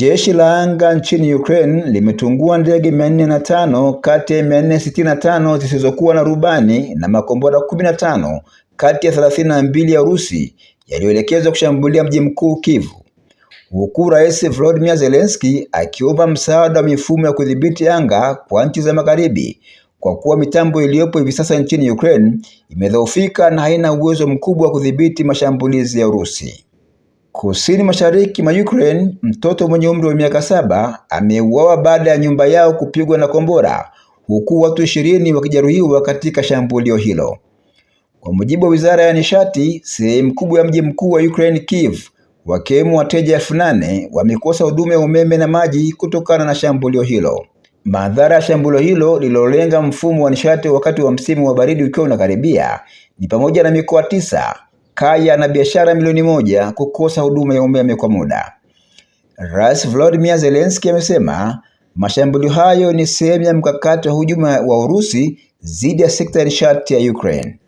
Jeshi la anga nchini Ukraine limetungua ndege tano kati ya tano zisizokuwa na rubani na makombora tano kati ya 32 ya Urusi yaliyoelekezwa kushambulia mji mkuu Kiev, huku Rais Volodymyr Zelensky akiomba msaada wa mifumo ya kudhibiti anga kwa nchi za Magharibi kwa kuwa mitambo iliyopo hivi sasa nchini Ukraine imedhoofika na haina uwezo mkubwa wa kudhibiti mashambulizi ya Urusi. Kusini mashariki mwa Ukraine, mtoto mwenye umri wa miaka saba ameuawa baada ya nyumba yao kupigwa na kombora huku watu ishirini wakijeruhiwa katika shambulio hilo. Kwa mujibu wa Wizara ya Nishati, sehemu kubwa ya mji mkuu wa Ukraine Kiev, wakiwemo wateja elfu nane wamekosa huduma ya umeme na maji kutokana na shambulio hilo. Madhara ya shambulio hilo lililolenga mfumo wa nishati wakati wa msimu wa baridi ukiwa unakaribia ni pamoja na mikoa tisa kaya na biashara milioni moja kukosa huduma ya umeme kwa muda. Rais Volodymyr Zelensky amesema mashambulio hayo ni sehemu ya mkakati wa hujuma wa Urusi dhidi ya sekta ya nishati ya Ukraine.